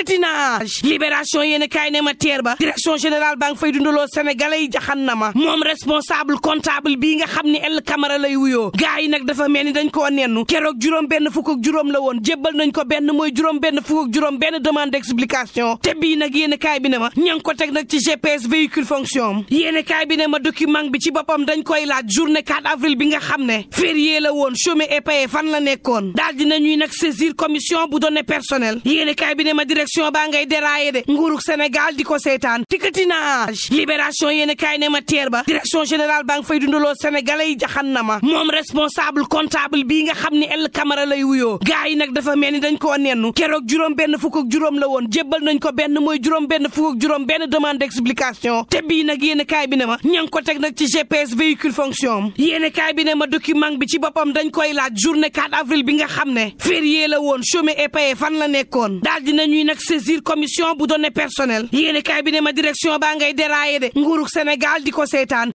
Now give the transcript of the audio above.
yëkkati naa libération yéen kaay ne ma teer ba direction générale banque fay dundaloo sénégalais yi jaxan na ma moom responsable comptable bii nga xam ni El Camara lay wuyoo gars yi dafa mel ni dañ koo nennu keroog juróom benn fukk ak juróom la woon jébbal nañ ko benn mooy juróom benn fukk ak juróom benn demande d'explication te bii nag yéen kaay bi ne ma ña ko teg nag ci GPS véhicule fonction yéen kaay bi ne ma document bi ci boppam dañ ko laaj journée 4 avril bi nga xam ne la woon chômé la nekkoon daal dinañuy nag saisir commission bu données situation baa ngay déraillé de nguurug Sénégal di ko seetaan tikkati naage libération yéen kaay ne ma teer ba direction générale baa nga fay dundaloo sénégalais yi jaxan na ma moom responsable comptable bi nga xam ne El Camara lay wuyoo gars yi nag dafa mel ni dañ koo nennu keroog juróom benn fukk juróom la woon jébbal nañ ko benn mooy juróom benn fukk ak juróom benn demande d'explication te bii nag yéen kaay bi ne ma ña ko teg nag ci GPS véhicule fonction yéen kaay bi ne ma document bi ci boppam dañ koy laaj journée 4 avril bi nga xam ne férié la woon chômé fan la nekkoon nag saisir commission bu données personnelles yéene bi ne ma direction baa ngay déraillé de nguurug Sénégal di ko seetaan